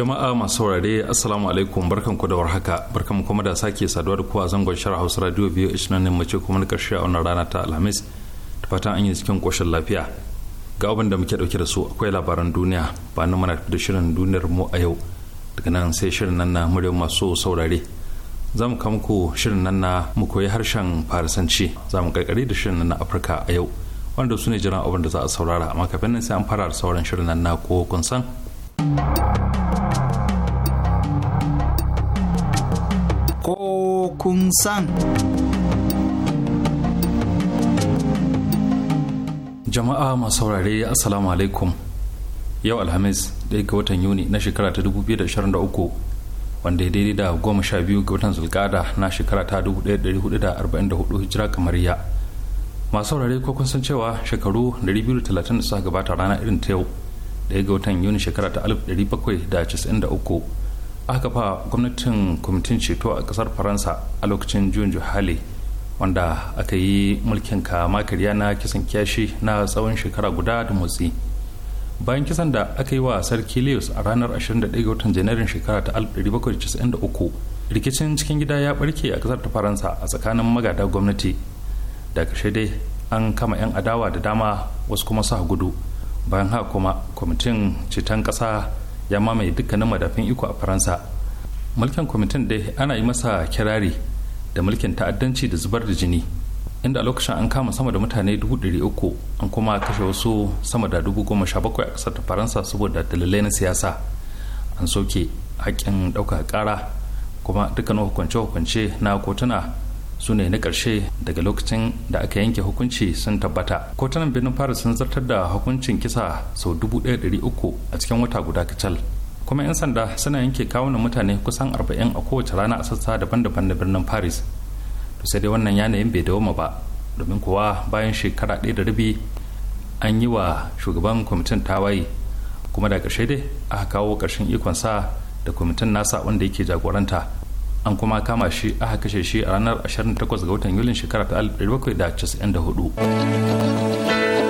jama'a masu saurare assalamu alaikum barkan ku da warhaka barkan mu kuma da sake saduwa da ku a zangon shara hausa radio biyu ishirin ne mace kuma na karshe a wannan rana ta alhamis da fatan an yi cikin koshin lafiya ga abin da muke dauke da su akwai labaran duniya ba na mana da shirin duniyar mu a yau daga nan sai shirin nan na muryar masu saurare za mu kama shirin nan na mu koyi harshen farisanci za mu karkare da shirin nan na afirka a yau wanda su ne jiran abin da za a saurara amma kafin nan sai an fara da sauran shirin nan na ko kun san kun san. Jama'a masu saurare Assalamu alaikum. Yau Alhamis ɗaya ga watan Yuni na shekara ta 2023 wanda ya daidai da goma sha biyu ga watan zulkada na shekara ta 1444 hijira kamar ya. Masu saurare ko kun san cewa shekaru 230 da suka gabata rana irin ta yau ɗaya ga watan Yuni shekara ta 1793 aka fa gwamnatin kwamitin ceto a kasar faransa a lokacin juyin juhali wanda aka yi mulkin kama karya na kisan kyashi na tsawon shekara guda da motsi bayan kisan da aka yi wa sarki leos a ranar 21 ga watan janairun shekara ta 1793 rikicin cikin gida ya barke a kasar ta faransa a tsakanin magada gwamnati da kashe dai an kama 'yan adawa da dama wasu kuma sa gudu bayan haka kuma kwamitin ceton kasa. ya mamaye dukkanin madafin iko a faransa mulkin kwamitin dai ana yi masa kirari da mulkin ta'addanci da zubar da jini inda a lokacin an kama sama da mutane uku an kuma kashe wasu sama da sha bakwai a kasar faransa saboda dalilai na siyasa an soke haƙƙin ɗaukar ƙara kuma dukkanin hukunce-hukunce na kotuna su ne na ƙarshe daga lokacin da aka yanke hukunci sun tabbata kotunan birnin paris sun zartar da hukuncin kisa sau dubu ɗaya uku a cikin wata guda kacal kuma 'yan sanda suna yanke kawunan mutane kusan arba'in a kowace rana a sassa daban-daban na birnin paris to sai dai wannan yanayin bai dawoma ba domin kuwa bayan shekara ɗaya da rabi an yi wa shugaban kwamitin tawaye kuma da ƙarshe dai aka kawo ƙarshen ikon sa da kwamitin nasa wanda yake jagoranta an kuma kama shi aka kashe shi a ranar 28 ga watan yulin shekara ta 1794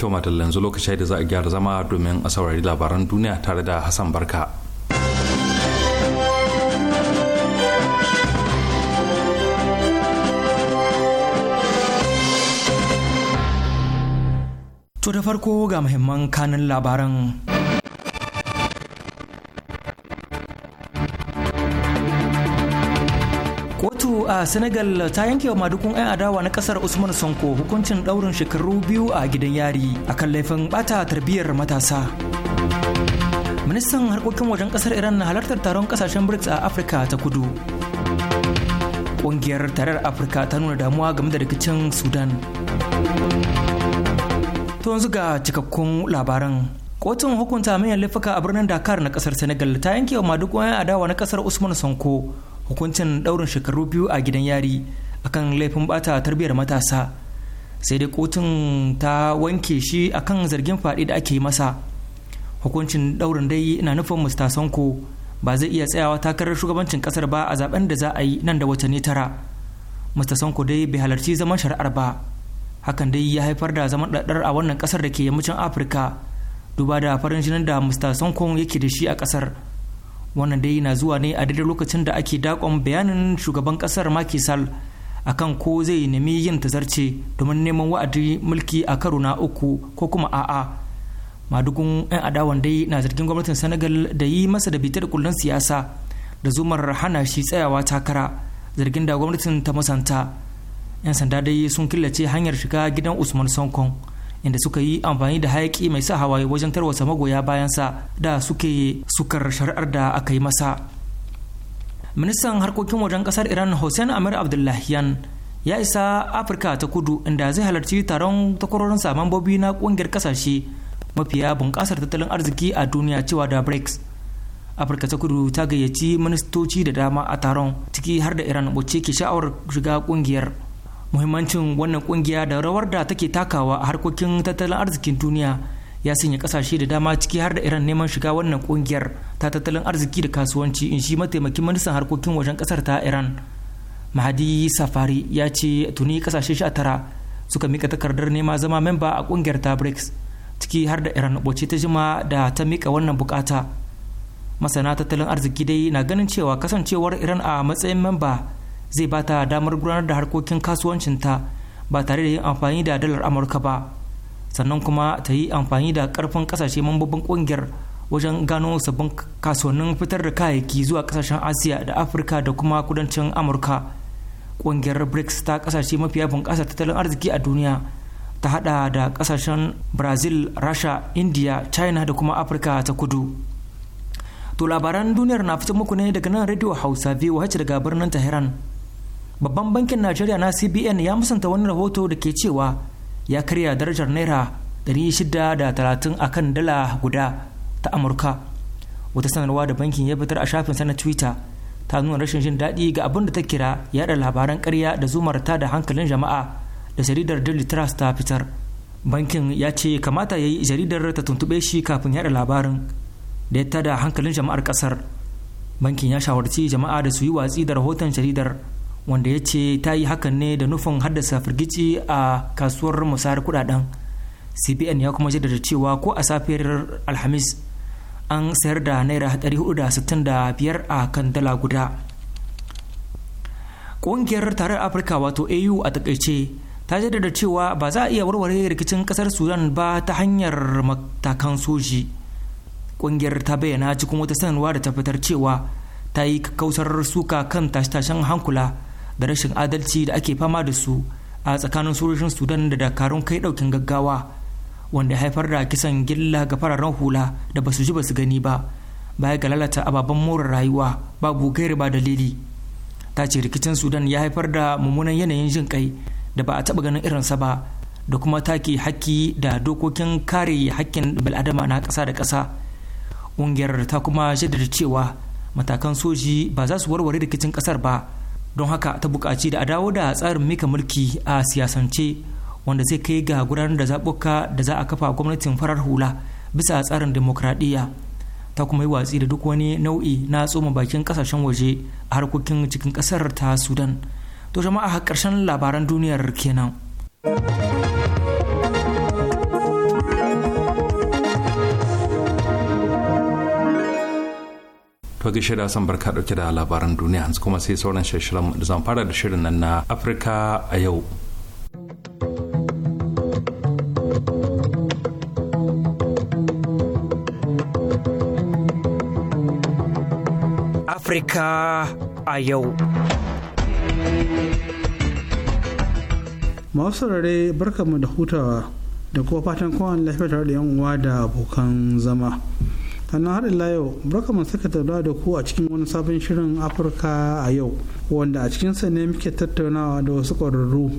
To madalla yanzu lokaci da za a gyara zama domin a saurari labaran duniya tare da Hassan Barka. To da farko ga muhimman kanin labaran a Senegal ta yanke wa madukun 'yan adawa na kasar Usman Sonko hukuncin daurin shekaru biyu a gidan yari akan laifin bata tarbiyyar matasa. Ministan harkokin wajen kasar Iran na halartar taron kasashen BRICS a Afirka ta kudu. Ƙungiyar tarar Afirka ta nuna damuwa game da rikicin Sudan. To yanzu ga cikakkun labaran. kotun hukunta manyan laifuka a birnin dakar na kasar senegal ta yanke wa madukun 'yan adawa na kasar usman sonko hukuncin ɗaurin shekaru biyu a gidan yari akan laifin bata tarbiyyar matasa sai dai kotun ta wanke shi akan zargin faɗi da ake masa hukuncin ɗaurin dai na nufin mista sanko ba zai iya tsayawa takarar shugabancin kasar ba a zaben da za a yi nan da watanni tara mista sanko dai bai halarci zaman shari'ar ba hakan dai ya haifar da zaman ɗaɗɗar a wannan kasar da ke yammacin afirka duba da farin jinin da mista sanko yake da shi a kasar wannan dai na zuwa ne a daidai lokacin da ake dakon bayanin shugaban kasar makisal Sall akan ko zai nemi yin tazarce domin neman wa'adi mulki a karo na uku ko kuma a'a madugun 'yan adawan dai na zargin gwamnatin senegal da yi masa da bitar kullun siyasa da zumar hana shi tsayawa takara zargin da gwamnatin ta musanta 'yan sanda dai sun killace hanyar shiga gidan usman sankon. inda suka yi amfani da hayaki mai sa hawaye wajen tarwasa magoya bayansa da suke sukar shari'ar da aka yi masa ministan harkokin wajen kasar iran hussein amir abdullahiyan ya isa afirka ta kudu inda zai halarci taron saman bobi na kungiyar kasashe mafiya bunƙasar tattalin arziki a duniya cewa da brics afirka ta kudu ta gayyaci ministoci da dama a taron ciki har da iran wacce ke sha'awar shiga kungiyar muhimmancin wannan kungiya da rawar da take takawa a harkokin tattalin arzikin duniya ya sanya kasashe da dama ciki har da iran neman shiga wannan kungiyar ta tattalin arziki da kasuwanci in shi mataimakin ministan harkokin wajen kasar ta iran mahadi safari ya ce tuni kasashe sha tara suka mika takardar nema zama memba a kungiyar ta brics ciki har da iran wace ta jima da ta mika wannan bukata masana tattalin arziki dai na ganin cewa kasancewar iran a matsayin memba zai ba ta damar gudanar da harkokin kasuwancinta ba tare da yin amfani da dalar amurka ba sannan kuma ta yi amfani da karfin kasashe mambobin kungiyar wajen gano sabbin kasuwannin fitar da kayayyaki zuwa kasashen asiya da afirka da kuma kudancin amurka kungiyar brics ta kasashe mafiya bunƙasa tattalin arziki a duniya ta hada da kasashen brazil rasha india china da kuma afirka ta kudu to labaran duniyar na fitar muku ne daga nan radio hausa voh daga birnin tehran babban bankin najeriya na cbn ya musanta wani rahoto da ke cewa ya karya darajar naira 630 a kan dala guda ta amurka wata sanarwa da bankin ya fitar a shafinsa na twitter ta nuna rashin jin daɗi ga abin da ta kira yada labaran karya da zumarta da hankalin jama'a da jaridar daily trust ta fitar bankin ya ce kamata ya yi jaridar ta tuntuɓe shi kafin yada labarin da ya tada hankalin jama'ar ƙasar bankin ya shawarci jama'a da su yi watsi da rahoton jaridar wanda ya ce ta yi hakan ne da nufin haddasa firgici a kasuwar musayar kudaden cbn ya kuma jaddada cewa ko a safiyar alhamis an sayar da naira hudu da biyar a kan dala guda ƙungiyar tarar afirka wato au a takaice ta jaddada cewa ba za a iya warware rikicin kasar sudan ba ta hanyar matakan soji ƙungiyar ta bayyana cikin wata sanarwa da ta fitar cewa ta yi kausar suka kan tashe-tashen hankula da rashin adalci da ake fama da su a tsakanin sojojin sudan da dakarun kai daukin gaggawa wanda haifar da kisan gilla ga fararen hula da basu ji basu gani ba baya ga lalata ababen more rayuwa babu gairi ba dalili ta ce rikicin sudan ya haifar da mummunan yanayin jin kai da ba a taba ganin irinsa ba da kuma take haƙƙi da dokokin kare haƙƙin bil'adama na ƙasa da ƙasa ƙungiyar ta kuma jaddada cewa matakan soji ba za su warware rikicin ƙasar ba don haka ta buƙaci da a dawo da tsarin mika mulki a siyasance wanda zai kai ga gudanar da zaɓuka da za a kafa gwamnatin farar hula bisa tsarin demokradiyya ta kuma yi watsi da duk wani nau'i na tsoma bakin ƙasashen waje a harkokin cikin ƙasar ta sudan to jama'a ƙarshen labaran duniyar kenan. to da san barka dauke da labaran duniya yanzu kuma sai sauran shirin da zan fara da shirin nan na afirka a yau Afirka a yau. Masu saurare barkamu da hutawa da kuma fatan kowane lafiya tare da yan uwa da abokan zama. sannan har ila yau barka mu saka tattauna da ku a cikin wani sabon shirin afirka a yau wanda a sa ne muke tattaunawa da wasu ƙwararru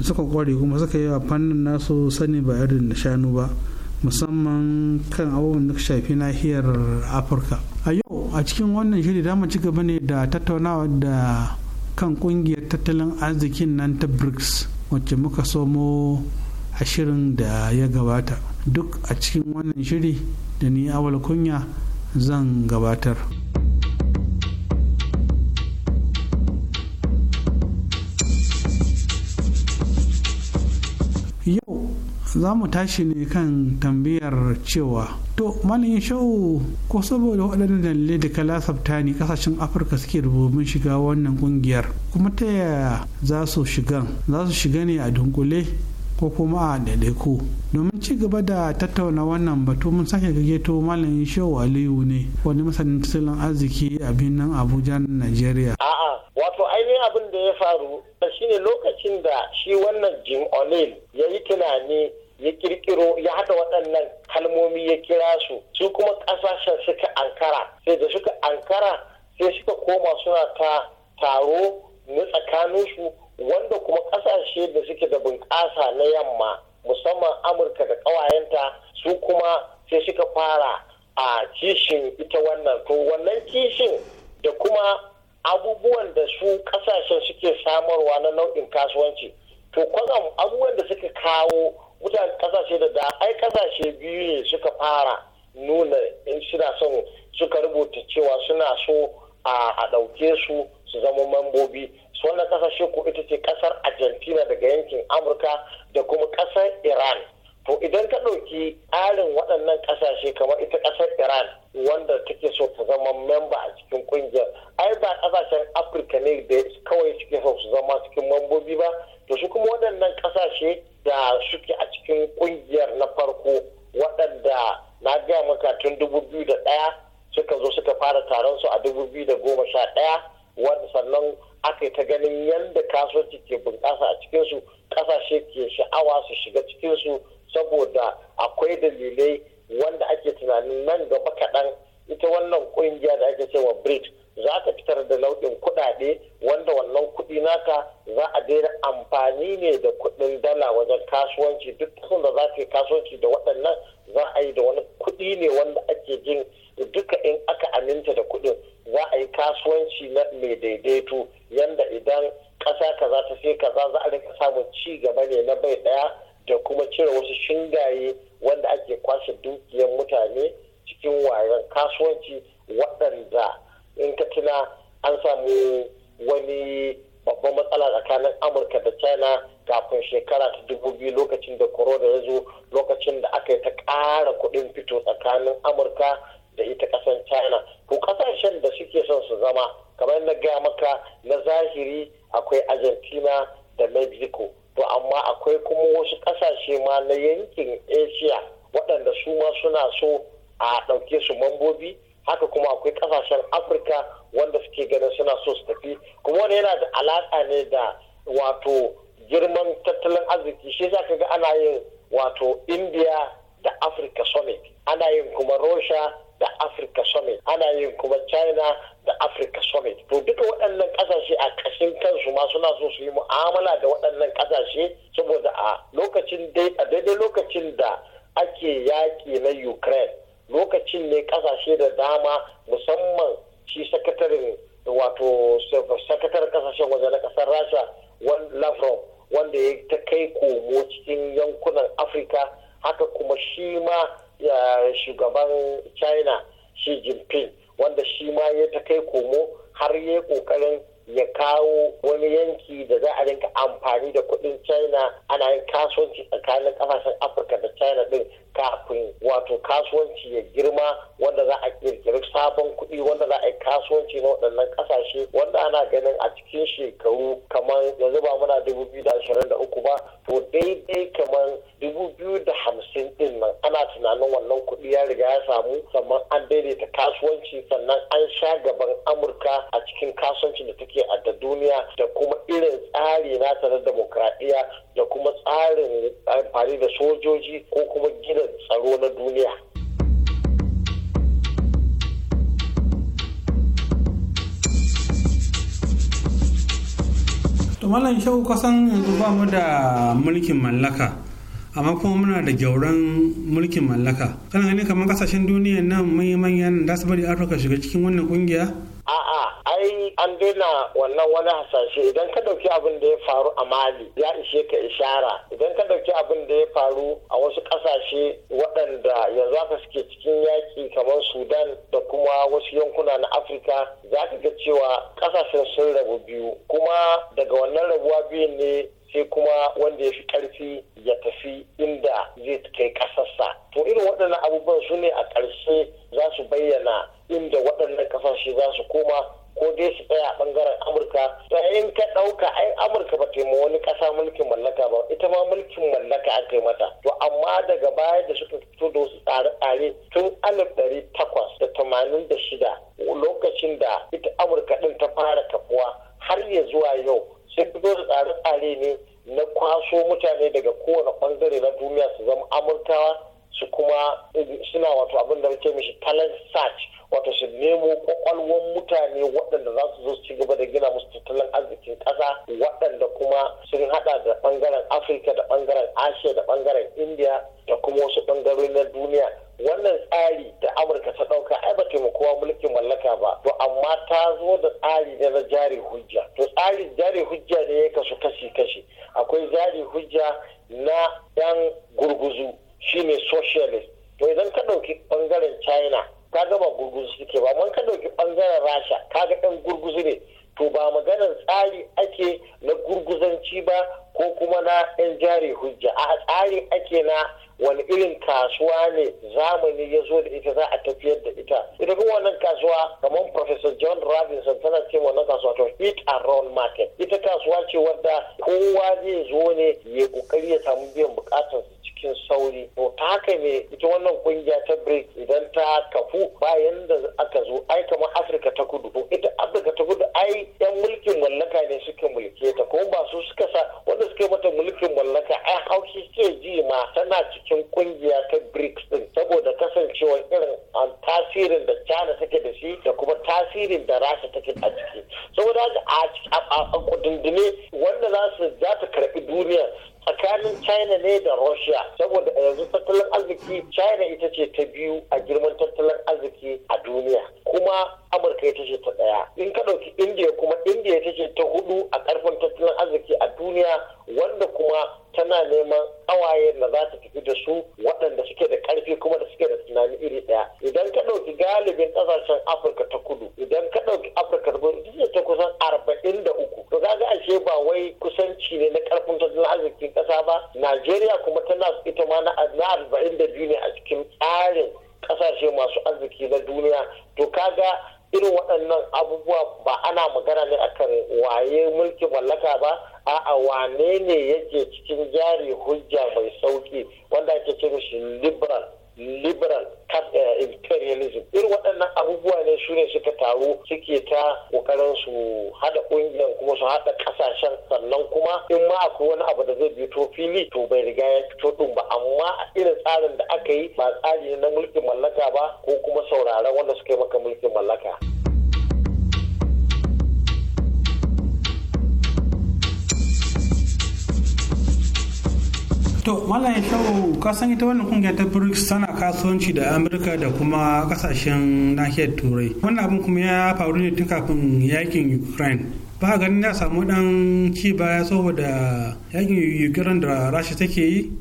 suka ƙware kuma suka yi a fannin nasu sani ba irin da shanu ba musamman kan abubuwan da shafi nahiyar afirka a yau a cikin wannan shiri dama mu ci gaba ne da tattaunawa da kan kungiyar tattalin arzikin nan ta brics wacce muka somo a shirin da ya gabata duk a cikin wannan shiri da ni awal kunya zan gabatar yau za mu tashi ne kan tambayar cewa to malin shau ko saboda waɗannan dalilai da lasafta ne kasashen afirka suke rububin shiga wannan kungiyar kuma ta yaya za shigan za su shiga ne a dunkule ko kuma a ɗaiɗaiku domin ci gaba da tattauna wannan batu mun sake gageto malam shehu aliyu ne wani masanin tattalin arziki a birnin abuja nigeria a'a wato ainihin abin da ya faru shine lokacin da shi wannan jim o'neil ya yi tunani ya kirkiro ya haɗa waɗannan kalmomi ya kira su su kuma ƙasashen suka ankara sai da suka ankara sai suka koma suna ta taro na tsakaninsu wanda kuma kasashe da suke da bunƙasa na yamma musamman amurka da ƙawayenta su kuma sai suka fara a kishin ita wannan to wannan kishin da kuma abubuwan da su kasashen suke samarwa na nau'in kasuwanci to kwazam abubuwan da suka kawo mutane kasashe da da ai kasashe biyu ne suka fara nuna in suna son suka rubuta cewa suna so a ɗauke su su zama mambobi su wannan kasashe ko ita ce kasar argentina daga yankin amurka da kuma kasar iran to idan ka ɗauki tsarin waɗannan kasashe kamar ita ƙasar iran wanda take so ta zama memba a cikin ƙungiyar ai ba kasashen afirka ne da kawai suke so su zama cikin mambobi ba to shi kuma waɗannan kasashe da suke a cikin ƙungiyar na farko waɗanda na gaya maka tun dubu biyu da ɗaya suka zo suka fara taron su a dubu biyu da goma sha ɗaya wanda sannan aka yi ta ganin yadda kasuwanci ke bunƙasa a cikinsu ƙasashe ke sha'awa su shiga cikinsu saboda akwai dalilai wanda ake tunanin nan gaba kaɗan ita wannan ƙungiya da ake cewa brit za ta fitar da nau'in kuɗaɗe wanda wannan kuɗi naka za a daina amfani ne da kuɗin dala wajen kasuwanci duk kasan da za ka yi kasuwanci da waɗannan za a yi da wani kuɗi ne wanda ake jin duka in aka aminta da kuɗin za a yi kasuwanci na mai daidaito yanda idan ƙasa kaza ta sai kaza za a rika samun ci gaba ne na bai ɗaya da kuma cire wasu shingaye wanda ake kwashe dukiyar mutane cikin wayan kasuwanci waɗanda in ka tuna an samu wani babban matsala tsakanin amurka da china kafin shekara ta dubu biyu lokacin da corona ya zo lokacin da aka yi ta ƙara kuɗin fito tsakanin amurka da ita ƙasar china ko ƙasashen da suke son su zama kamar na gaya maka na zahiri akwai argentina da mexico to amma akwai kuma wasu ƙasashe ma na yankin asia waɗanda su ma suna so a ɗauke su mambobi haka kuma akwai ƙasashen afirka wanda suke ganin suna so su tafi kuma wani yana da alaƙa ne da wato girman tattalin arziki shi za ka ga ana yin wato india da afirka summit ana yin kuma russia da Africa Summit ana yin kuma China da Africa Summit to duka waɗannan ƙasashe a ƙashin kansu ma suna so su yi mu'amala da waɗannan ƙasashe saboda a lokacin a daidai lokacin da ake yaƙi na Ukraine lokacin ne ƙasashe da dama musamman shi sakatarin wato sakataren ƙasashen waje na ƙasar Rasha Lavrov wanda ya ta kai komo cikin yankunan Afirka haka kuma shi ma shugaban china shi jinping wanda shi ma ya ta kai komo har ya kokarin ya kawo wani yanki da za a rinka amfani da kudin china ana yin kasuwanci tsakanin kasashen afirka da china din kafin wato kasuwanci ya girma wanda za a kirkiri sabon kuɗi wanda za a yi kasuwanci na waɗannan ƙasashe wanda ana ganin a cikin shekaru kamar yanzu ba muna dubu biyu da ashirin da uku ba to daidai kamar dubu biyu da hamsin ɗin nan ana tunanin wannan kuɗi ya riga ya samu sannan an daidaita kasuwanci sannan an sha gaban amurka a cikin kasuwanci da take a da duniya da kuma irin tsari na na demokradiyya da kuma tsarin amfani da sojoji ko kuma gina tsaro na duniya Tumalan shehu kasan yanzu ba mu da mulkin mallaka amma kuma muna da gyauran mulkin mallaka kana ganin kamar kasashen duniya nan manyan da su bari afirka shiga cikin wannan kungiya a'a ai an daina wannan wani hasashe idan ka dauki abin da ya faru a mali ya ishe ka ishara idan ka dauki abin da ya faru a wasu kasashe waɗanda yanzu haka suke cikin yaƙi kamar sudan da kuma wasu yankuna na afirka za ka ga cewa kasashen sun rabu biyu kuma daga wannan rabuwa biyun ne sai kuma wanda ya fi karfi ya tafi inda zai kai ƙasarsa to irin waɗannan abubuwan su ne a ƙarshe za su bayyana inda waɗannan kasashe za su koma ko dai su tsaya a ɓangaren amurka to in ka ɗauka ai amurka ba ta wani ƙasa mulkin mallaka ba ita ma mulkin mallaka aka yi mata to amma daga baya da suka fito da wasu tsare-tsare tun alif ɗari takwas da tamanin da shida lokacin da ita amurka ɗin ta fara kafuwa har ya zuwa yau sun da tsare-tsare ne na kwaso mutane daga kowane ɓangare na duniya su zama amurkawa su kuma suna wato abin da muke mishi talent sat kuma kawayen da za ta kasuwanci da amurka da kuma kasashen nahiyar turai wannan abin kuma ya faru ne tun kafin yakin ukraine ba ganin ya samu dan ci baya saboda yakin ukraine da rasha take yi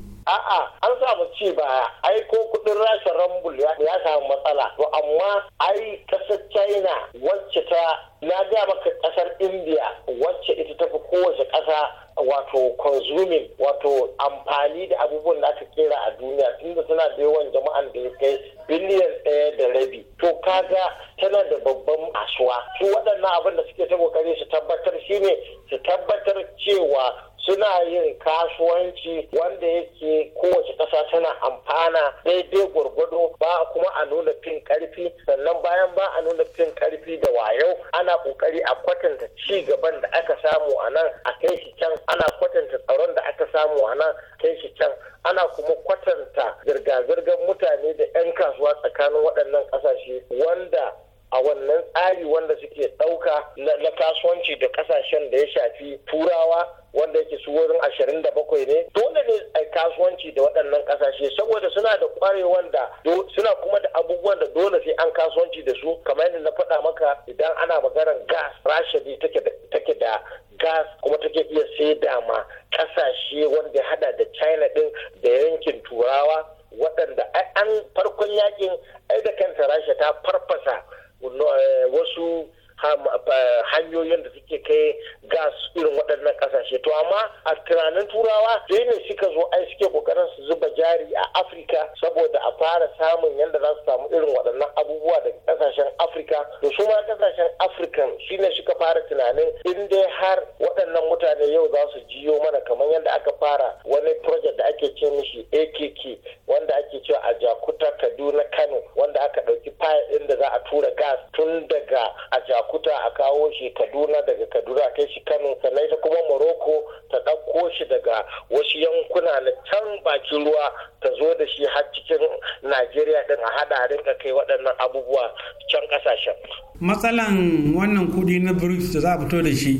karfi sannan bayan ba a nuna fin karfi da wayo ana kokari a kwatanta ci gaban da aka samu a nan a kai shi can ana kwatanta tsaron da aka samu a nan kai shi can ana kuma kwatanta zirga-zirgar mutane da 'yan kasuwa tsakanin waɗannan ƙasashe wanda a wannan tsari wanda suke ɗauka na kasuwanci da kasashen da ya shafi turawa wanda yake su wurin ashirin da bakwai ne dole ne a kasuwanci da waɗannan ƙasashe saboda suna da ƙwarewan da suna kuma da abubuwan da dole sai an kasuwanci da su kamar yadda na faɗa maka idan ana maganar gas rasha ne take da gas kuma take iya saida ma ƙasashe wanda hada da china ɗin da yankin turawa waɗanda an farkon yakin ai da kanta rasha ta farfasa wasu hanyoyin da suke kai gas irin waɗannan ƙasashe to amma a tunanin turawa sai ne suka zo ai suke ƙoƙarin su zuba jari a afirka saboda a fara samun yadda za su samu irin waɗannan abubuwa daga ƙasashen afirka da su ma ƙasashen shi ne suka fara tunanin in dai har waɗannan mutane yau za su jiyo mana kamar yadda aka fara wani project da ake ce mishi akk wanda ake cewa a jakuta kaduna kano wanda aka ɗauki fayil ɗin da za a tura gas tun daga a Kuta a kawo shi Kaduna daga Kaduna a kai shi Kano sannan ita kuma Morocco ta ɗauko shi daga wasu yankuna na can bakin ruwa ta zo da shi har cikin Najeriya din a hada rinka kai waɗannan abubuwa can ƙasashen. Matsalan wannan kudi na BRICS da za a fito da shi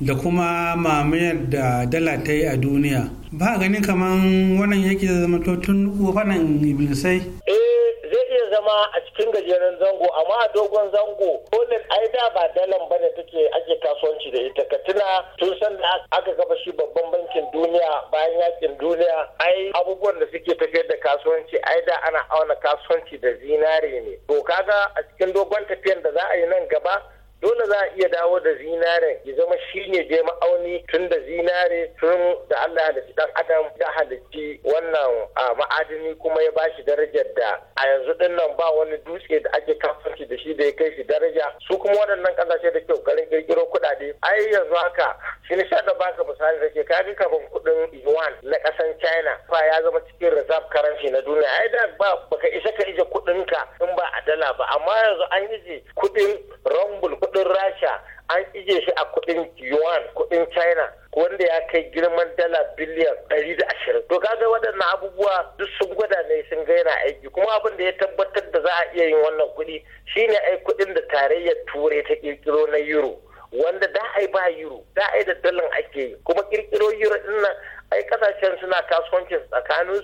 da kuma mamayar da dala ta yi a duniya ba gani kamar wannan yake zama to tun wannan iblisai eh zai iya zama a cikin gajeren zango amma a dogon zango dole ai da ba dalan ba ne take ake kasuwanci da ita ka tuna tun san da aka kafa shi babban bankin duniya bayan yakin duniya ai abubuwan da suke tafiyar da kasuwanci ai da ana auna kasuwanci da zinare ne to kaga a cikin dogon tafiyar da za a yi nan gaba dole za a iya dawo da zinare ya zama shine je ma'auni tun da zinare tun da Allah ya halitta adam da halitta shi wannan a ma'adini kuma ya bashi darajar da a yanzu din nan ba wani dutse da ake kasance da shi da ya kai shi daraja su kuma waɗannan ƙasashe da ke ƙoƙarin ƙirƙiro kuɗaɗe ai yanzu haka shi ne shaɗa ba ka misali da ke kaji kafin kuɗin yuan na ƙasan china fa ya zama cikin reserve currency na duniya ai da ba baka isa ka ije kuɗinka in ba a dala ba amma yanzu an ije kuɗin rumble kuɗin rasha an ije shi a kuɗin yuan kuɗin china wanda ya kai girman dala biliyan ɗari da ashirin to kaga waɗannan abubuwa duk sun gwada ne sun ga yana aiki kuma abin da ya tabbatar da za a iya yin wannan kuɗi shine ai kuɗin da tarayyar turai ta kirkiro na euro wanda da ai ba euro da ai da dalan ake yi kuma kirkiro euro din nan ai kasashen suna kasuwancin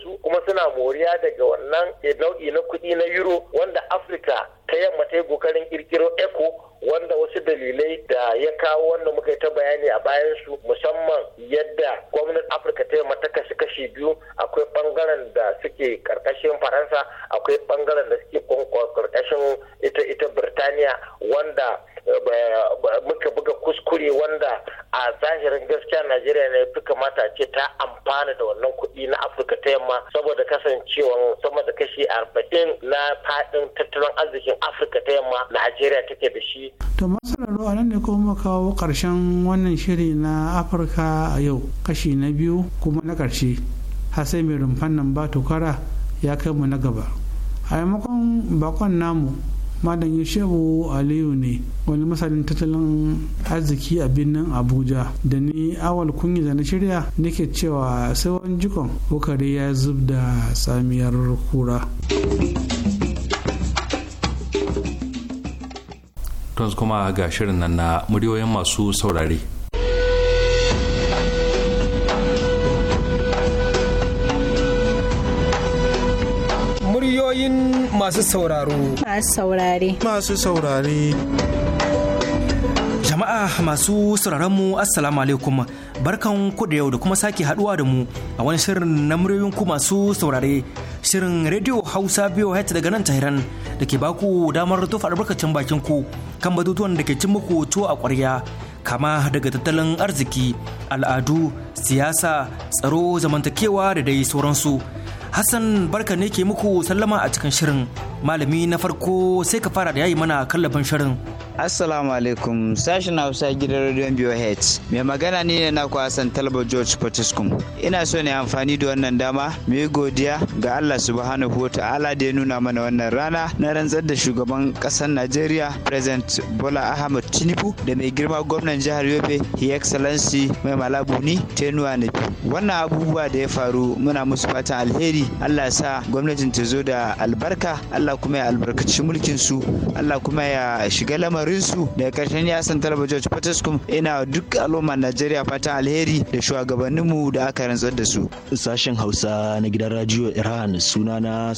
su kuma suna moriya daga wannan nau'i na kuɗi na euro wanda afirka ta yamma ta yi kokarin kirkiro eco wanda wasu dalilai da ya kawo wanda muka yi ta bayani a bayan su musamman yadda gwamnatin afirka ta yamma ta kashi kashi biyu akwai bangaren da suke karkashin faransa akwai bangaren da suke karkashin ita ita birtaniya wanda eh, muka buga kuskure wanda a zahirin gaskiya najeriya ne fi kamata ce ta amfana da wannan kuɗi na afirka ta yamma saboda kasancewan sama da kashi arba'in na faɗin tattalin arzikin afirka ta yamma najeriya take da shi to masana ruwa nan ne kuma kawo ƙarshen wannan shiri na afirka a yau kashi na biyu kuma na ƙarshe hasai mai rumfan nan ba tukara ya kai mu na gaba a maimakon bakon namu malam yashebu aliyu ne wani masalin tattalin arziki a birnin abuja da ni awal kunyi da na shirya nake cewa sai wani jikon kokari ya zub da samiyar kura su kuma ga shirin nan na muryoyin masu saurare masu sauraro. Masu saurare. Masu saurare. Jama'a masu sauraron mu Assalamu alaikum barkan ku da yau da kuma sake haduwa da mu a wani shirin na muryoyin ku masu saurare shirin Radio Hausa BOH daga nan tahiran da ke baku damar tofa albarkacin bakin ku kan batutuwan da ke cin muku tuwo a ƙwarya kama daga tattalin arziki, al'adu, siyasa, tsaro, zamantakewa da dai sauransu. Hassan barka ne ke muku sallama a cikin shirin malami na farko sai ka fara da yayi mana kallafin shirin Assalamu alaikum sashen Hausa gidan Radio BOH. Mai magana ne na ku Hassan Talba George Potiskum. Ina so ne amfani da wannan dama mu yi godiya ga Allah subhanahu wa ta'ala da ya nuna mana wannan rana na rantsar da shugaban kasar Najeriya President Bola Ahmed Tinubu da mai girma gwamnan jihar Yobe His Excellency Mai Malabuni Tenuwa biyu Wannan abubuwa da ya faru muna musu fatan alheri Allah sa gwamnatin ta zo da albarka Allah kuma ya albarkaci mulkin su Allah kuma ya shiga lamarin su daga karshen ya san talaba George ina duk al'ummar Najeriya fatan alheri da shugabannin mu da aka rantsar da su sashen Hausa na gidan Radio Iran na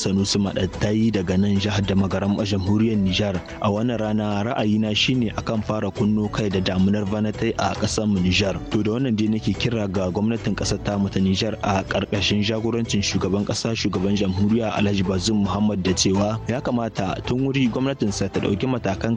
Sanusi Madattai daga nan jihar da magaram jamhuriyar Nijar a wannan rana ra'ayina shine akan fara kunno kai da damunar banatai a kasar mu Nijar to da wannan dai nake kira ga gwamnatin kasar ta mu ta Nijar a karkashin jagorancin shugaban kasa shugaban jamhuriya Alhaji Bazum Muhammad da cewa ya kamata tun wuri gwamnatinsa ta ɗauki matakan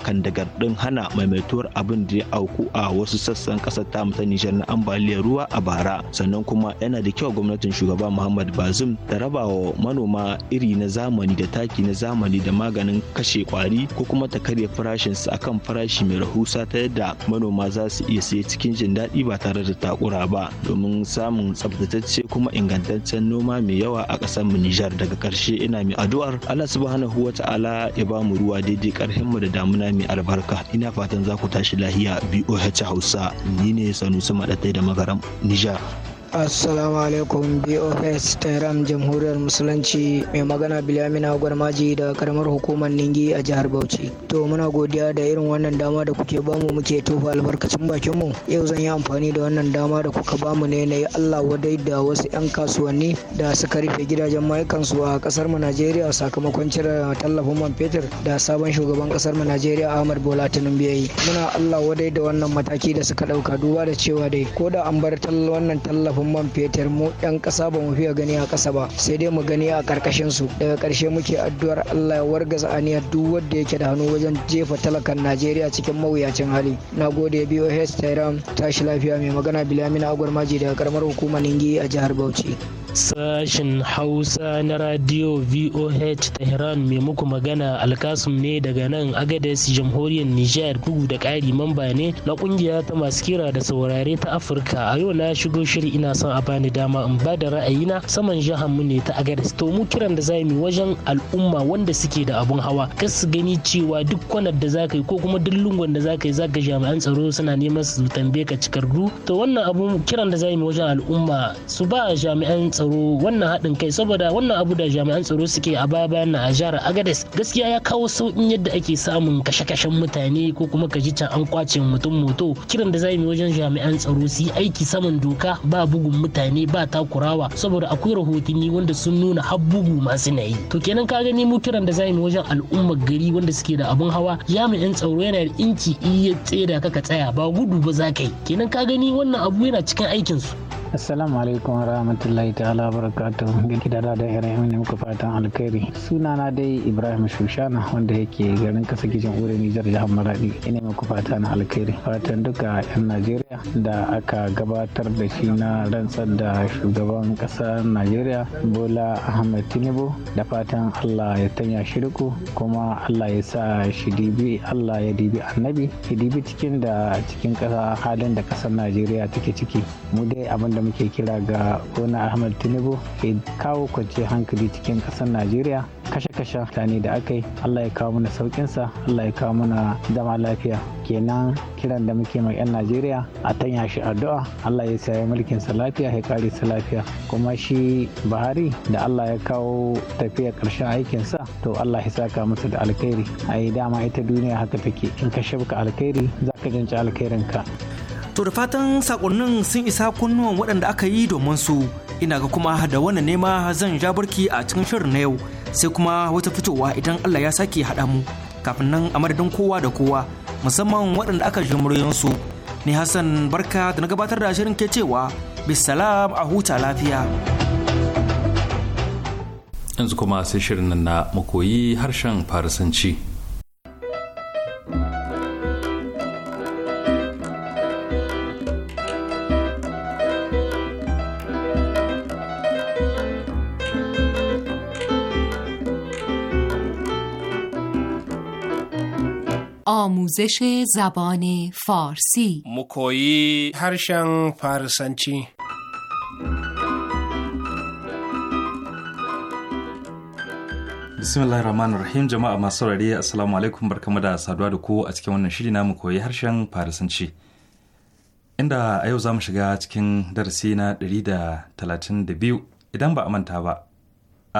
din hana maimaituwar abin da ya auku a wasu sassan kasar ta ta nijar na ambaliyar ruwa a bara sannan kuma yana da kyau gwamnatin shugaba muhammad bazum ta raba wa manoma iri na zamani da taki na zamani da maganin kashe kwari ko kuma ta karya su akan farashi mai rahusa ta yadda manoma za su iya saye cikin jin daɗi ba tare da takura ba domin samun tsabtatacce kuma ingantaccen noma mai yawa a ƙasar mu nijar daga ƙarshe ina mai addu'ar allah subhanahu hu wata ta'ala ya ba mu ruwa daidai karhin mu da damuna mai albarka ina fatan za ku tashi lahiya BOH Hausa ni ne Sanusi Madatai da Magaram Nijar Assalamu alaikum BOS Tehran Jamhuriyar Musulunci mai magana Bilamina Gwarmaji da karamar hukumar Ningi a jihar Bauchi. To muna godiya da irin wannan dama da kuke bamu muke tofa albarkacin bakin mu. Yau zan yi amfani da wannan dama da kuka bamu ne na yi Allah wadai da wasu 'yan kasuwanni da suka rufe gidajen mayukansu a kasar mu Najeriya sakamakon cire tallafin man fetur da sabon shugaban kasar mu Najeriya Ahmad Bola Tinubu yayi. Muna Allah wadai da wannan mataki da suka dauka duba da cewa dai ko da an bar wannan tallafin tallafin man fetur mu 'yan ƙasa ba mu fiye gani a kasa ba sai dai mu gani a ƙarƙashin su daga ƙarshe muke addu'ar Allah ya wargaza aniyar duk wanda yake da hannu wajen jefa talakan Najeriya cikin mawuyacin hali na gode BOH Tehran tashi lafiya mai magana Bilamina Agwar Maji daga karamar hukumar Ningi a jihar Bauchi. sashen hausa na radio voh tehran mai muku magana alkasum ne daga nan agades jamhuriyar nijar bugu da ƙari mamba ne na ƙungiya ta masu kira da saurare ta afirka a yau na shigo shiri ina son a bani dama in ba da ra'ayina saman jihar mu ne ta agades to mu kiran da mu wajen al'umma wanda suke da abun hawa kas su gani cewa duk kwanar da za yi ko kuma duk lungon da zaka yi ka jami'an tsaro suna neman su tambaye ka du to wannan abun kiran da mu wajen al'umma su ba jami'an tsaro wannan haɗin kai saboda wannan abu da jami'an tsaro suke a baya bayan na a jihar agades gaskiya ya kawo sauƙin yadda ake samun kashe-kashen mutane ko kuma ka can an kwace mutum moto kiran da za mu wajen jami'an tsaro su yi aiki saman doka ba bugun mutane ba takurawa saboda akwai rahotanni wanda sun nuna har bugu masu nayi to kenan ka gani mu kiran da za mu wajen al'ummar gari wanda suke da abun hawa jami'an tsaro yana da inci iya tseda ka ka tsaya ba gudu ba za ka yi kenan ka gani wannan abu yana cikin aikinsu Assalamu alaikum wa rahmatullahi ta'ala barakatu ga kidada da irin ne muka fatan alkhairi. na dai Ibrahim Shushana wanda yake garin kasa gijin Ure Nijar jihar Maradi. Ina muku fata na alkhairi. Fatan duka 'yan Najeriya da aka gabatar da shi na rantsar da shugaban kasar Najeriya Bola Ahmed Tinubu da fatan Allah ya tanya shi kuma Allah ya sa shi dibi Allah ya dibi annabi ya dibi cikin da cikin kasa halin da kasar Najeriya take ciki. Mu dai abin da muke kira ga gona Ahmad Tinubu ke kawo kwanciyar hankali cikin ƙasar Najeriya kashe-kashe mutane da aka yi Allah ya kawo mana sauƙinsa Allah ya kawo mana zama lafiya kenan kiran da muke mai 'yan Najeriya a tanya shi addu'a Allah ya sa mulkinsa lafiya ya kare sa lafiya kuma shi Buhari da Allah ya kawo tafiya ƙarshen aikinsa to Allah ya saka masa da alkhairi ai dama ita duniya haka take in ka shafka alkhairi zaka janci alkhairinka To da fatan sakonnin sun isa kunnuwan waɗanda aka yi domin su ina ga kuma da wannan nema zan ja barki a cikin shirin na yau sai kuma wata fitowa idan Allah ya sake haɗa mu kafin nan a madadin kowa da kowa musamman waɗanda aka ji su ni Hassan barka da na gabatar da shirin ke cewa bisalam a huta lafiya. Yanzu kuma sai shirin nan na makoyi harshen farisanci. آموزش zaboni فارسی مکویی هرشن فارسنچی bismillahir rahmanir rahim jama'a masu saurari assalamu alaikum barkamu da saduwa da ku a cikin wannan shiri mu koyi harshen farisanci inda a yau za mu shiga cikin darasi na da biyu idan ba a manta ba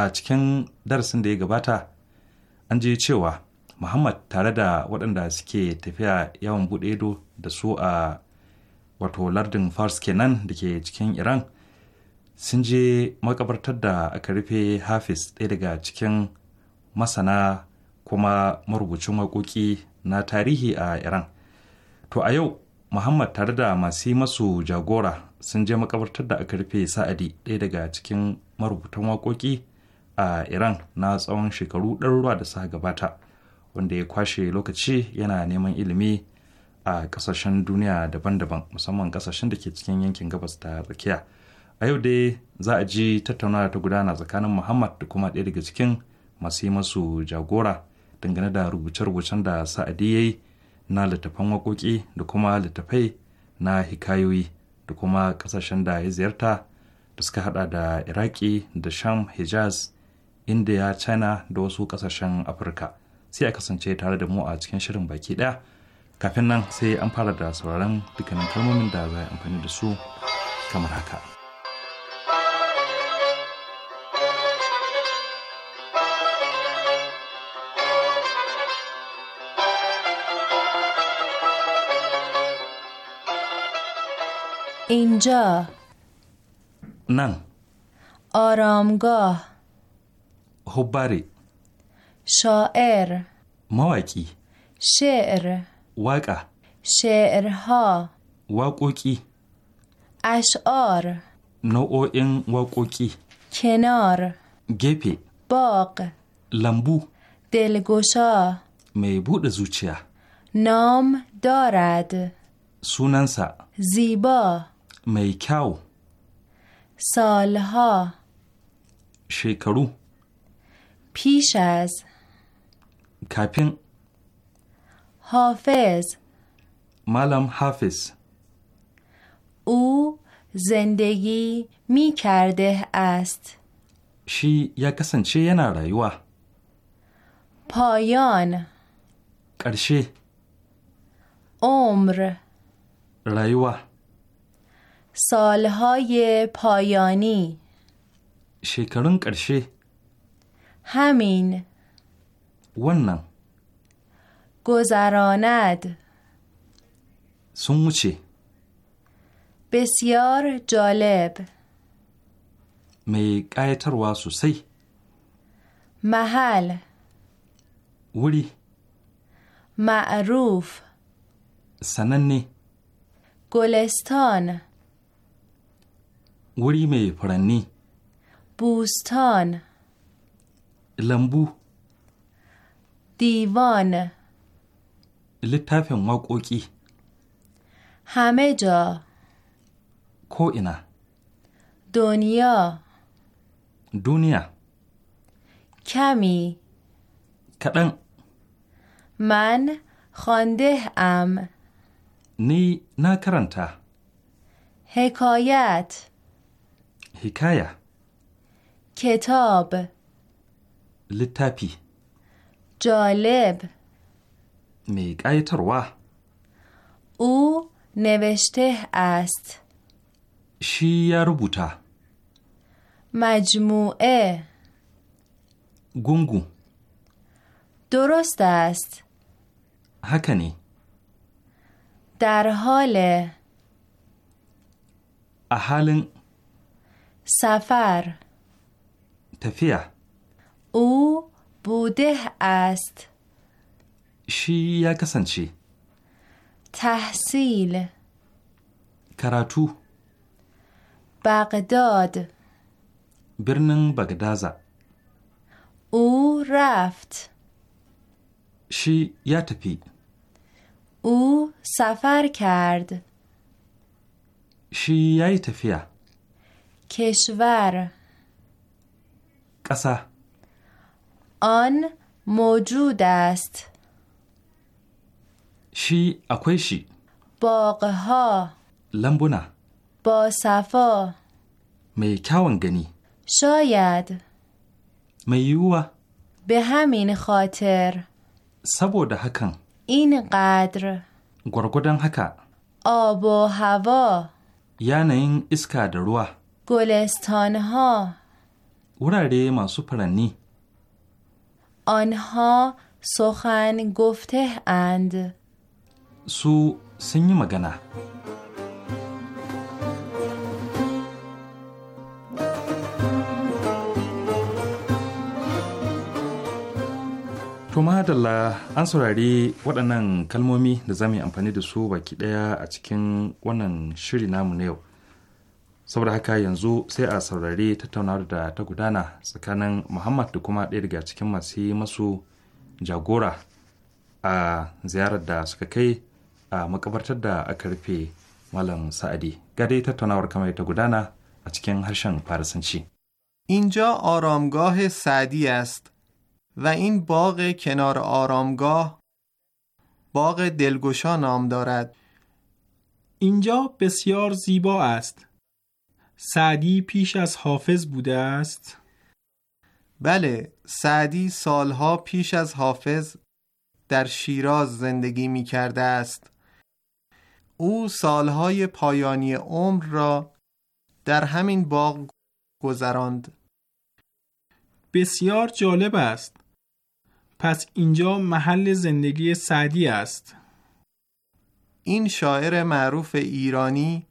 a cikin darasin da ya gabata an je cewa muhammad tare da waɗanda suke tafiya yawon buɗe ido da su a wato lardin fars kenan da ke cikin iran sun je makabartar da aka rufe hafiz ɗaya daga cikin masana kuma marubucin waƙoƙi na tarihi a iran to a yau muhammad tare da masu masu jagora sun je makabartar da aka rufe sa'adi ɗaya daga cikin marubutan waƙoƙi a iran na tsawon shekaru ɗaruruwa da suka gabata wanda ya kwashe lokaci yana neman ilimi a kasashen duniya daban-daban musamman kasashen da ke cikin yankin gabas ta tsakiya a yau dai za a ji tattaunawa ta gudana tsakanin muhammad da kuma ɗaya daga cikin masu yi masu jagora dangane da rubuce-rubucen da sa'adi ya yi na littafan waƙoƙi da kuma littattafai na hikayoyi da kuma kasashen da ya ziyarta da suka hada da iraki da sham hijaz india china da wasu kasashen afirka sai a kasance tare da mu a cikin shirin baki ɗaya kafin nan sai an fara da sauraron dukkanin kalmomin da za a amfani da su kamar haka. اینجا نن آرامگاه هوبری شاعر مواکی شعر واقع شعرها واقوکی اشعار نوعین واقوکی کنار گپی باغ لمبو دلگوشا میبود زوچیا نام دارد سوننسا زیبا میکاو سالها شکرو پیش از کپین حافظ معلم حافظ او زندگی می است شی یا کسنچه چه یه پایان کرشه عمر رایوه سالهای پایانی شکرون کرشه همین wannan ko sun wuce besiyar jolib mai kayatarwa sosai mahal wuri ma'aruf sananne goleston wuri mai furanni buston lambu دیوان littafin waƙoƙi همه جا کوینا دنیا دنیا کمی کدن من خانده ام نی نکرنتا حکایت حکایه کتاب لطفی جالب ای تروه او نوشته است شی یا مجموعه گونگو درست است هکنی در حال احال سفر تفیه او بوده است شی یا چی؟ تحصیل کراتو بغداد برنن بغدازا او رفت شی یا او سفر کرد شی یا کشور کسه آن موجود است شی اکوی شی باقها. لمبونا با صفا می کونگنی شاید میوه به همین خاطر سبود هکن قدر گرگودن هکا آب و هوا یعنی این اسکا گلستان ها وراره ماسو پرنی آنها سخن گفته اند سو سنی مگنه To madalla an saurari waɗannan kalmomi da za mu yi amfani da su baki ɗaya a cikin wannan shiri namu na yau. saboda haka yanzu sai a saurari tattaunawar da ta gudana tsakanin muhammad da kuma ɗaya daga cikin masu yi masu jagora a ziyarar da suka kai a makabartar da aka rufe malam sa'adi ga tattaunawar kamar ta gudana a cikin harshen farisanci اینجا آرامگاه سعدی است و این باغ کنار آرامگاه باغ دلگشا نام دارد اینجا بسیار زیبا است سعدی پیش از حافظ بوده است؟ بله، سعدی سالها پیش از حافظ در شیراز زندگی می کرده است. او سالهای پایانی عمر را در همین باغ گذراند. بسیار جالب است. پس اینجا محل زندگی سعدی است. این شاعر معروف ایرانی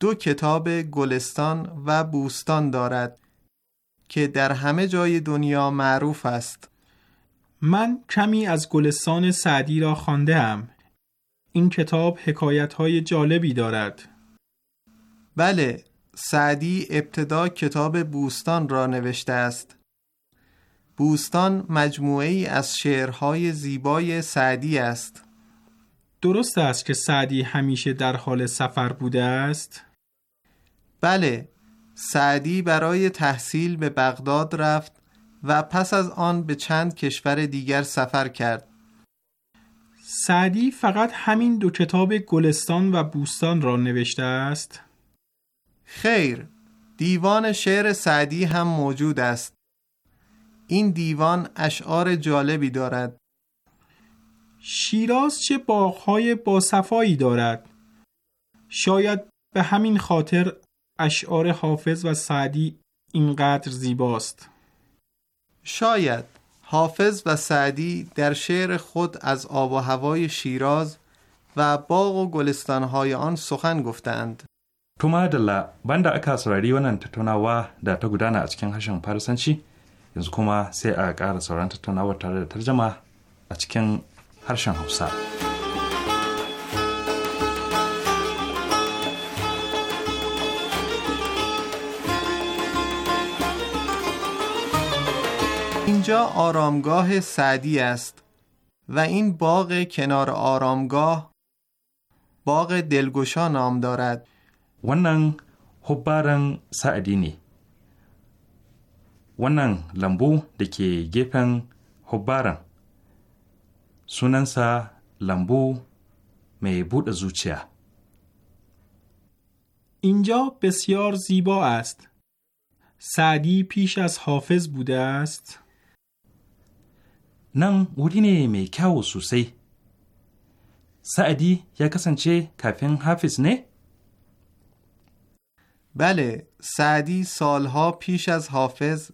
دو کتاب گلستان و بوستان دارد که در همه جای دنیا معروف است من کمی از گلستان سعدی را خانده هم. این کتاب حکایت های جالبی دارد بله سعدی ابتدا کتاب بوستان را نوشته است بوستان مجموعه ای از شعرهای زیبای سعدی است درست است که سعدی همیشه در حال سفر بوده است؟ بله سعدی برای تحصیل به بغداد رفت و پس از آن به چند کشور دیگر سفر کرد سعدی فقط همین دو کتاب گلستان و بوستان را نوشته است؟ خیر دیوان شعر سعدی هم موجود است این دیوان اشعار جالبی دارد شیراز چه باغهای باصفایی دارد شاید به همین خاطر اشعار حافظ و سعدی اینقدر زیباست شاید حافظ و سعدی در شعر خود از آب و هوای شیراز و باغ و گلستانهای آن سخن گفتند تو ما la banda aka saurari wannan tattaunawa da ta gudana a cikin harshen farsanci yanzu kuma sai a ƙara sauran tattaunawa tare اینجا آرامگاه سعدی است و این باغ کنار آرامگاه باغ دلگشا نام دارد ونن حبارن سعدی نی ونن لمبو دکی گپن حبارن sunansa لمبو میبود بود اینجا بسیار زیبا است سعدی پیش از حافظ بوده است نن ورینه می و سوسی سعدی یا چه کافین حافظ نه بله سعدی سالها پیش از حافظ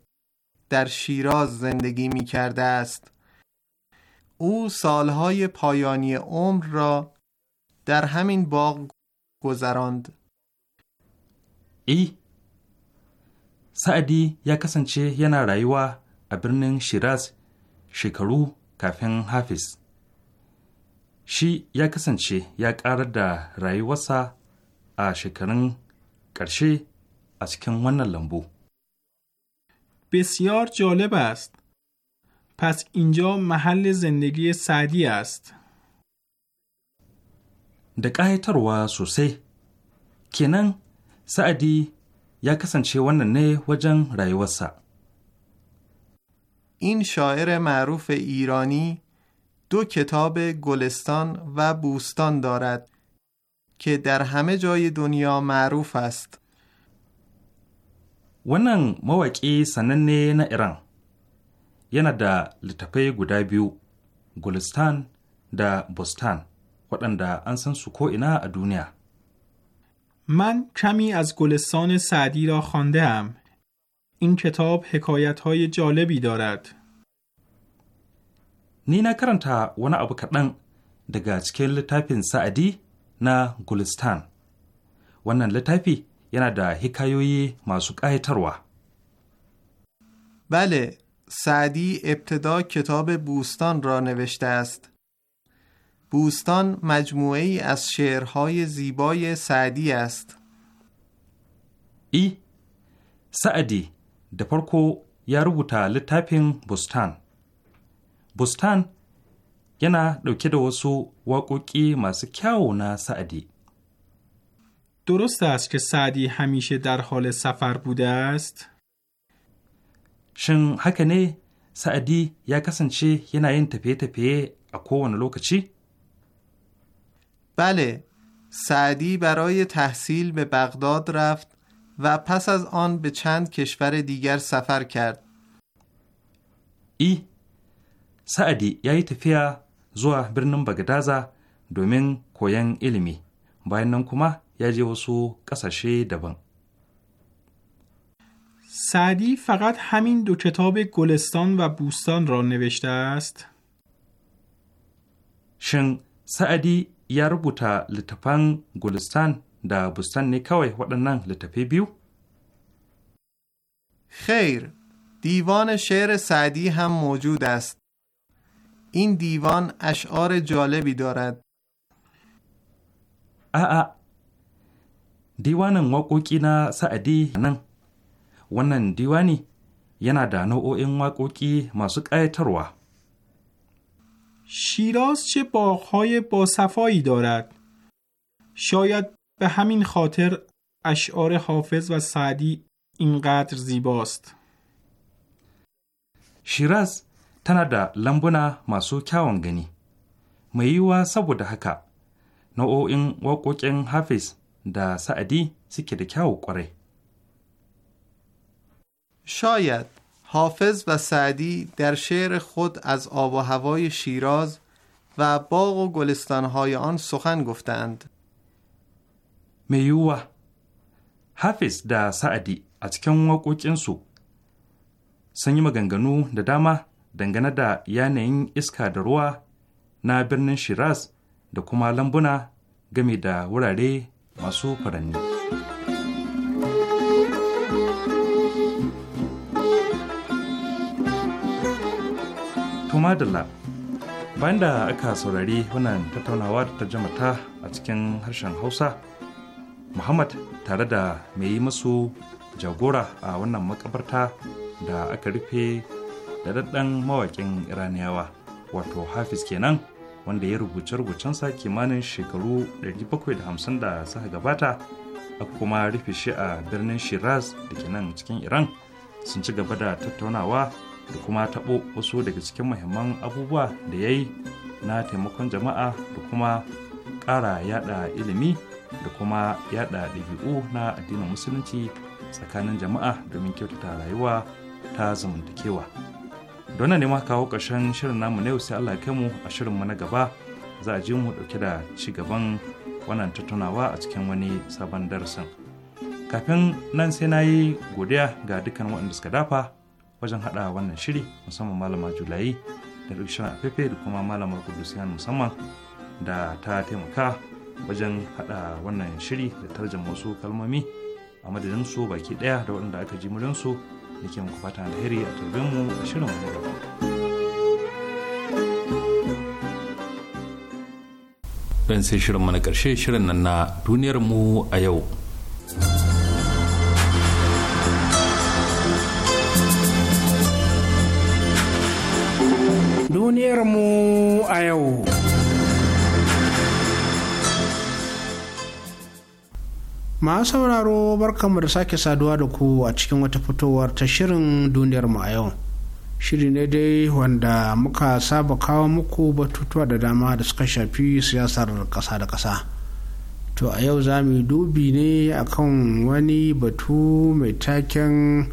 در شیراز زندگی می کرده است او سالهای پایانی عمر را در همین باغ گذراند ای سعدی یا کسانچه ینا رایوا a birnin Shiraz shekaru kafin Hafiz. Shi ya kasance ya ƙarar da rayuwarsa a shekarun ƙarshe a cikin wannan lambu. Bisiyar جالب است. پس اینجا محل زندگی سعدی است. da سوسی sosai. Kenan Sa'adi یا رای وسا. این شاعر معروف ایرانی دو کتاب گلستان و بوستان دارد که در همه جای دنیا معروف است. ونن mawaƙi سنن نه ایران. yana da littafai guda biyu gulistan da bostan waɗanda an san su ko'ina a duniya Man کمی از گلستان سعدی را خوانده ام این کتاب حکایت های جالبی دارد نی نا wani abu kaɗan daga cikin littafin sa'adi na gulistan wannan littafi yana da hikayoyi masu ƙayatarwa bale سعدی ابتدا کتاب بوستان را نوشته است بوستان مجموعه ای از شعرهای زیبای سعدی است ای سعدی da یارو ya rubuta بوستان. بوستان یا دوکی دو وسو wasu waƙoƙi masu kyawu سعدی درست است که سعدی همیشه در حال سفر بوده است؟ shin haka ne sa'adi ya kasance yana yin tafiye-tafiye a kowane lokaci بله سعدی برای تحصیل به بغداد رفت و پس از آن به چند کشور دیگر سفر کرد ای سعدی یای تفیا زوا برنم بغدازا دومین کوین علمی باین نن کما یاجی وسو قسashe daban سعدی فقط همین دو کتاب گلستان و بوستان را نوشته است؟ شن سعدی یا ربوتا لطفان گلستان دا بوستان و ودنن لطفی بیو؟ خیر دیوان شعر سعدی هم موجود است این دیوان اشعار جالبی دارد آآ دیوان موقوکی سعدی نن wannan diwani yana da nau'o'in waƙoƙi masu ƙayatarwa. Shiraz چه باغهای باصفایی دارد شاید به همین خاطر اشعار حافظ و سعدی اینقدر زیباست شیراز tana da lambuna masu kyawun gani mai yiwuwa saboda haka nau'o'in waƙoƙin hafiz da sa'adi suke da kyawu ƙwarai شاید حافظ و سعدی در شعر خود از آب و هوای شیراز و باغ و گلستانهای آن سخن گفتند میوه حافظ دا سعدی از کن واقو چنسو سنی مگنگنو دا داما دنگن دا یعنی این اسکا نابرن شیراز دا کمالن بنا گمی دا وراره ماسو پرنید madalla bayan da aka saurari wannan tattaunawa da tarjamata a cikin harshen hausa muhammad tare da mai yi masu jagora a wannan makabarta da aka rufe da daddan mawakin iraniyawa wato hafiz kenan wanda ya rubuce rubucensa kimanin shekaru 750 da suka gabata aka kuma rufe shi a birnin shiraz da ke nan cikin iran sun ci gaba da tattaunawa da kuma taɓo wasu daga cikin muhimman abubuwa da ya yi na taimakon jama'a da kuma ƙara yada ilimi da kuma yada ɗabi'u na addinin musulunci tsakanin jama'a domin kyautata rayuwa ta zamantakewa don ne ma kawo ƙarshen shirin namu na yau sai Allah kai mu a shirinmu na gaba za a ji mu ɗauke da ci gaban wannan tattaunawa a cikin wani sabon darasin kafin nan sai na yi godiya ga dukkan waɗanda suka dafa wajen hada wannan shiri musamman malama julai da rikishin afefe da kuma malama kudusiyan musamman da ta taimaka wajen hada wannan shiri da tarjan wasu kalmomi a madadin su baki ɗaya da waɗanda aka ji su da ke muku fata da heri a tarbin mu a shirin wani gaba. don sai shirin mana karshe shirin nan na duniyar mu a yau duniyarmu a yau. Masu sauraro barkanmu da sake saduwa da ku a cikin wata fitowar ta shirin duniyar mu a yau. Shiri ne dai wanda muka saba kawo muku batutuwa da dama da suka shafi siyasar ƙasa da ƙasa. To a yau za mu dubi ne akan wani batu mai taken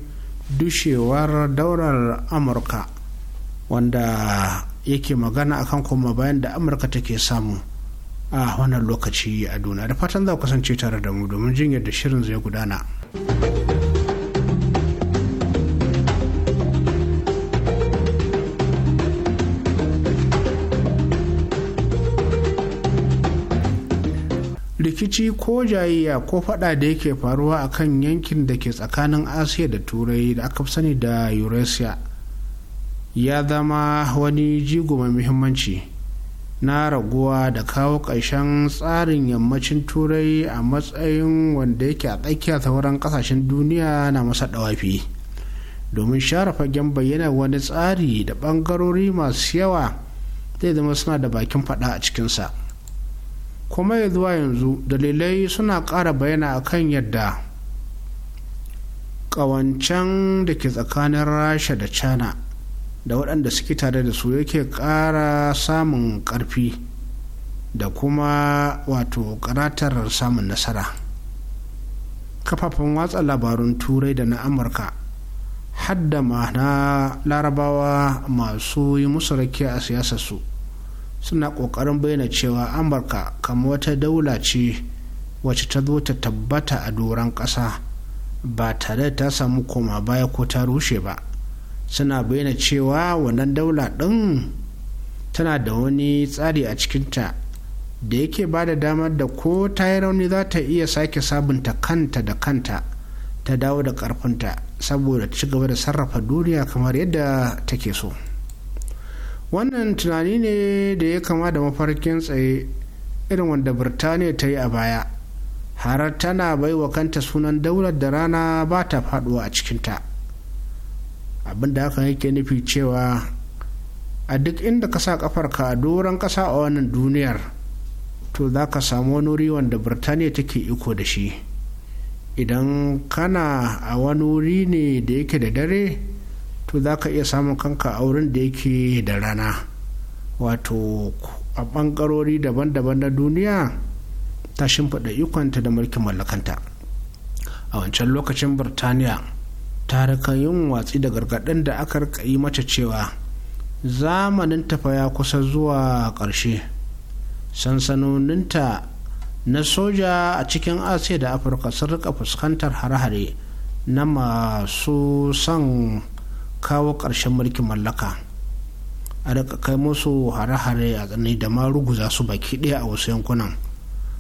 dushewar daular Amurka. wanda yake magana akan koma bayan da amurka take samu a wannan lokaci a duniya da fatan za ku kasance tare da mu domin jin yadda shirin zai gudana rikici ko jayayya ko fada da yake faruwa a kan yankin da ke tsakanin asiya da turai da aka sani da eurasia ya zama wani jigo mai muhimmanci na raguwa da kawo ƙarshen tsarin yammacin turai a matsayin wanda yake a tsakiya sauran ƙasashen duniya na masa ɗawafi domin share fagen bayyana wani tsari da bangarori masu yawa zai zama suna da bakin faɗa a cikinsa kuma ya zuwa yanzu dalilai suna ƙara bayyana akan yadda ƙawancen da ke tsakanin rasha da china da waɗanda suke tare da su yake ƙara samun ƙarfi da kuma wato ƙaratar samun nasara kafafen watsa labarun turai da na amurka hadda ma na larabawa masu yi musu rake a siyasarsu suna ƙoƙarin bayyana cewa amurka kamar wata daula ce wacce ta zo ta tabbata a doron ƙasa ba tare ta samu koma baya ko ta rushe ba suna bayyana cewa wannan daula ɗin tana da wani tsari a cikinta da yake ba da damar da ko ta yi rauni za ta iya sake sabunta kanta da kanta ta dawo da ƙarfinta saboda ci gaba da sarrafa duniya kamar yadda take so wannan tunani ne da ya kama da mafarkin tsaye irin wanda birtaniya ta yi a baya har tana baiwa kanta sunan daular da rana ba ta faduwa a cikinta abinda hakan yake nufi cewa a duk inda ka sa kafarka a doron kasa a wannan duniyar to za ka samu wani wuri wanda birtaniya take iko da shi idan kana a wani wuri ne da yake da dare to za ka iya samun kanka a wurin da yake da rana wato a bangarori daban-daban na duniya ta shimfiɗa ikonta da mulkin mallakanta a wancan lokacin birtaniya ta yin watsi da gargaɗin da aka rika yi mata cewa zamanin tafa ya kusa zuwa ƙarshe sansanoninta na soja a cikin asiya da afirka sun rika fuskantar hare-hare na masu son kawo ƙarshen mulkin mallaka a rika kai musu hare-hare a tsanani da ma ruguza su baki ɗaya a wasu yankunan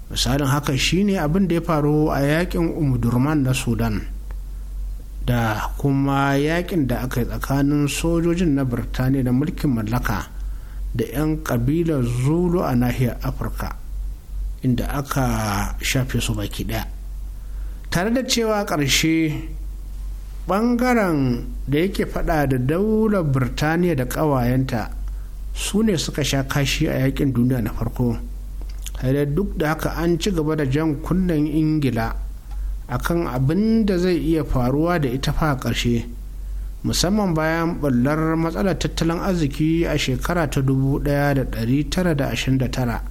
misalin haka shine abin da ya faru a yakin umudurman na sudan da kuma yakin da aka yi tsakanin sojojin na birtaniya da mulkin mallaka da 'yan kabilar zulu a nahiyar afirka inda aka shafe su baki daya tare da cewa ƙarshe ɓangaren da yake fada da daular birtaniya da ƙawayenta su ne suka sha kashi a yakin duniya na farko duk da haka an ci gaba da jan kunnen ingila akan abin da zai iya faruwa da ita fa ƙarshe musamman bayan bullar matsalar tattalin arziki a shekara ta 1929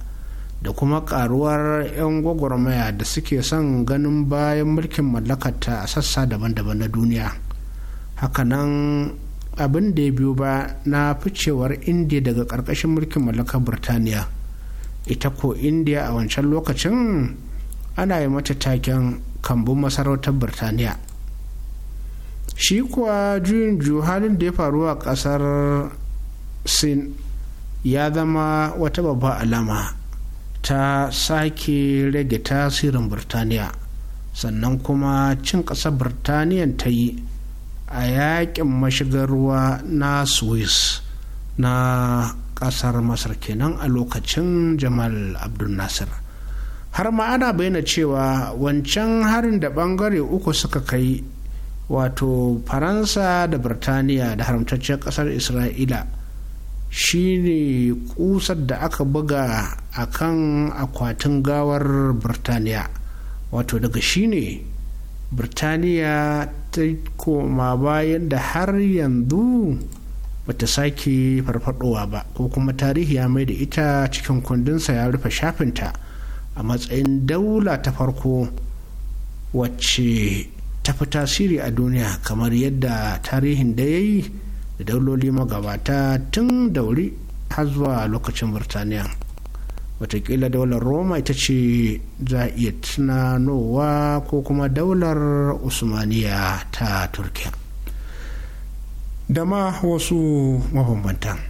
da kuma ƙaruwar 'yan gwagwarmaya da suke son ganin bayan mulkin mallakata a sassa daban-daban na duniya hakanan abin da ya biyo ba na ficewar indiya daga ƙarƙashin mulkin mallakar birtaniya ita ko indiya a wancan lokacin ana yi mata taken kambun masarautar birtaniya shi kuwa juyin halin da ya faru a kasar sin ya zama wata babba alama ta sake rage tasirin birtaniya sannan kuma cin ƙasar birtaniya ta yi a yakin mashigar ruwa na swiss na ƙasar masar kenan a lokacin jamal abdul nasir har ma ana bayyana cewa wancan harin da bangare uku suka kai wato faransa da birtaniya da haramtaccen kasar isra'ila shine kusar da aka buga a kan akwatin gawar birtaniya wato daga shine birtaniya ta koma bayan da har yanzu bata sake farfadowa ba ko kuma tarihi ya mai da ita cikin kundinsa ya rufe shafinta a matsayin daula ta farko wacce ta fi tasiri a duniya kamar yadda tarihin da ya yi da dauloli magabata tun dauri har zuwa lokacin birtaniya watakila daular roma ita ce za a iya tunanowa ko kuma daular usmaniya ta turkiya da ma wasu mabambantan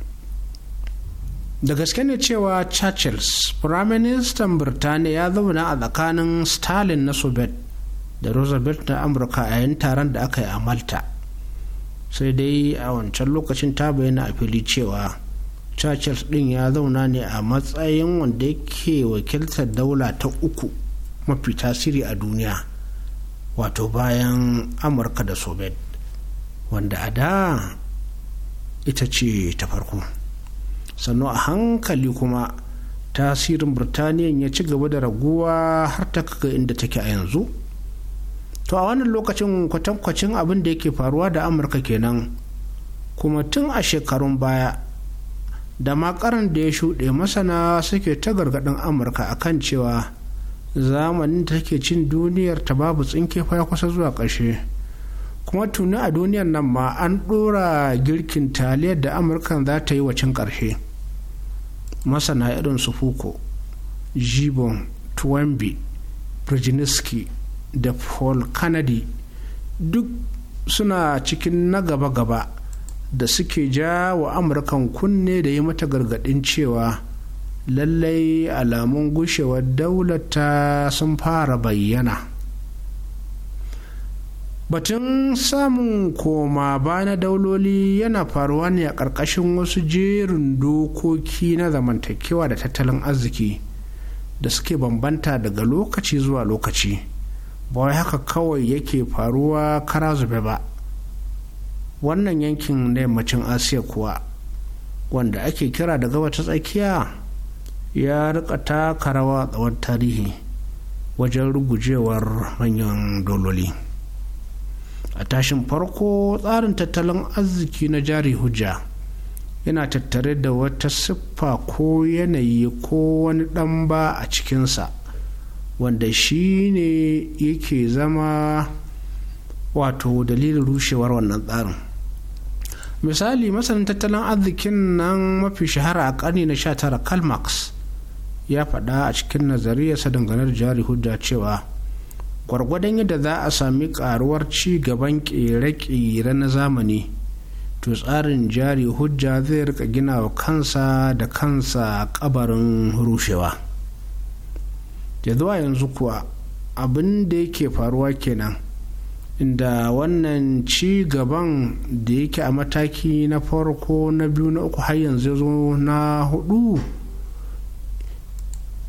da gaske ne cewa churchill firaministan birtaniya ya zauna a tsakanin stalin na soviet da roosevelt na amurka a yayin taron da aka yi a malta sai dai a wancan lokacin ta bayyana a fili cewa churchills din ya zauna ne a matsayin wanda yake wakiltar daula ta uku mafi tasiri a duniya wato bayan amurka da soviet wanda a da ita ce ta farko sannu a hankali kuma tasirin birtaniyan ya ci gaba da raguwa har ta kaga inda take a yanzu to a wannan lokacin kwatankwacin abin da yake faruwa da amurka kenan kuma tun a shekarun baya da makaran da ya shuɗe masana suke ta gargaɗin amurka akan cewa zamanin da take cin duniyar ta babu tsinke fara kusa zuwa ƙarshe kuma tuni a duniyar nan ma an ɗora girkin taliyar da amurkan za ta yi wacin ƙarshe masana irin su fuko jibon tuwambi brzezinski da paul kennedy duk suna cikin na gaba-gaba da suke ja wa amurkan kunne da yi mata gargaɗin cewa lallai alamun gushewar daulata sun fara bayyana batun samun koma ba na dauloli yana faruwa ne a ƙarƙashin wasu jerin dokoki na zamantakewa da tattalin arziki da suke bambanta daga lokaci zuwa lokaci ba wai haka kawai yake faruwa kara zube ba wannan yankin na yammacin asiya kuwa wanda ake kira da gaba tsakiya ya rika taka rawa tsawon tarihi wajen rugujewar manyan dololi. a tashin farko tsarin tattalin arziki na jari hujja yana tattare da wata siffa ko yanayi ko wani ɗan ba a cikinsa wanda shi ne yake zama wato dalilin rushewar wannan tsarin misali masanin tattalin arzikin nan mafi shahara a ƙarni na 19 karl marx ya faɗa a cikin nazariyarsa dangane da jari hujja cewa gwargwadon yadda za a sami karuwar ci gaban kere-kere na zamani to tsarin jari hujja zai rika gina wa kansa da kansa kabarin rushewa da zuwa yanzu kuwa abin da yake faruwa kenan inda wannan ci gaban da yake a mataki na farko na biyu na uku har yanzu zo na hudu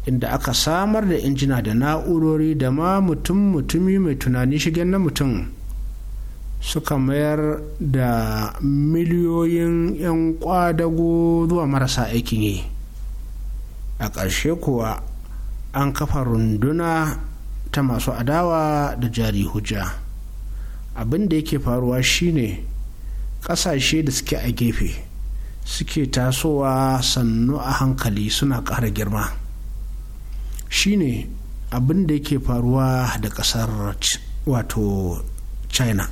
inda aka samar da injina da na'urori da ma mutum mutumi mai tunani shigen na mutum suka mayar da miliyoyin 'yan kwadago zuwa marasa aikin yi a ƙarshe kuwa an kafa runduna ta masu adawa da jari hujja abin da yake faruwa shine ƙasashe da suke a gefe suke tasowa sannu a hankali suna ƙara girma shine abin da yake faruwa da kasar wato china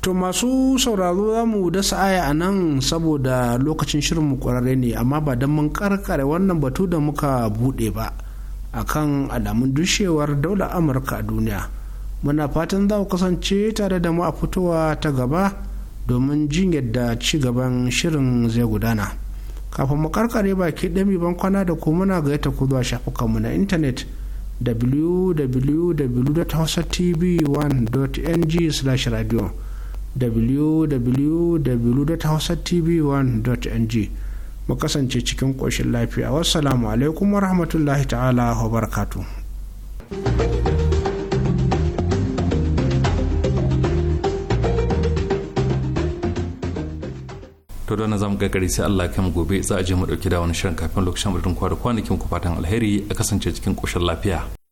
to masu sauraro za mu dasa aya a nan saboda lokacin shirinmu kwararre ne amma ba don mun karkare wannan batu da muka buɗe ba akan alamun dushewar daular amurka a duniya muna fatan za ku kasance tare da mu a fitowa ta gaba domin jin yadda ci gaban shirin zai gudana. kafin mu karkare baki ɗami ban kwana da ku muna ga ta ku zuwa shafukanmu na intanet www.hausatv1.ng/radio www.hausatv1.ng mu kasance cikin ƙoshin lafiya wassalamu alaikum warahmatullahi ta'ala wa barakatuh to don na zamu gagari sai Allah kai gobe za a je mu dauki da wani shirin kafin lokacin mutum kwa da kwanakin ku fatan alheri a kasance cikin koshin lafiya